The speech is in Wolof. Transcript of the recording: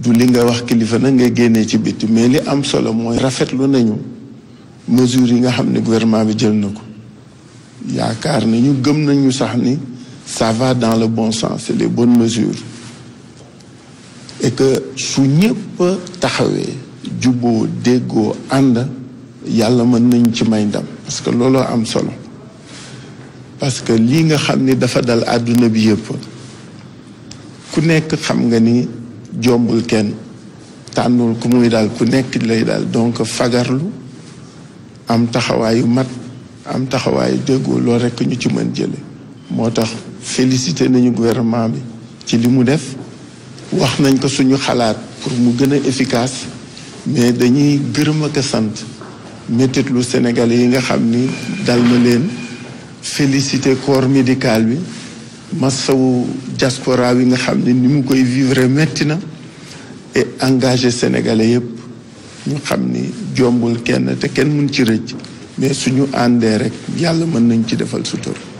du li nga wax kilifa nag ngay génnee ci bitti mais li am solo mooy rafetlu nañu mesures yi nga xam ne gouvernement bi jël na ko yaakaar ñu gëm nañu sax ni ça dans le bon sens c'est les bonnes mesures que su ñëpp taxawee juboo déggoo ànd yàlla mën nañu ci may ndam parce que looloo am solo parce que lii nga xam ni dafa dal àdduna bi yëpp ku nekk xam nga ni jombul kenn tànnul ku muy daal ku nekk lay daal donc fagarlu am taxawaayu mat am taxawaayu déggoo loolu rekk ñu ci mën jële moo tax félicité nañu gouvernement bi ci li mu def wax nañ ko suñu xalaat pour mu gën a efficace mais dañuy gërëm ak a sant mettitlu Sénégalais yi nga xam ni dal na leen félicité corps médical bi masawu diaspora bi nga xam ne ni mu koy vivre metti na engage engagé sénégalais yëpp ñu xam ni jombul kenn te kenn mun ci rëcc mais suñu àndee rek yàlla mën nañ ci defal sutur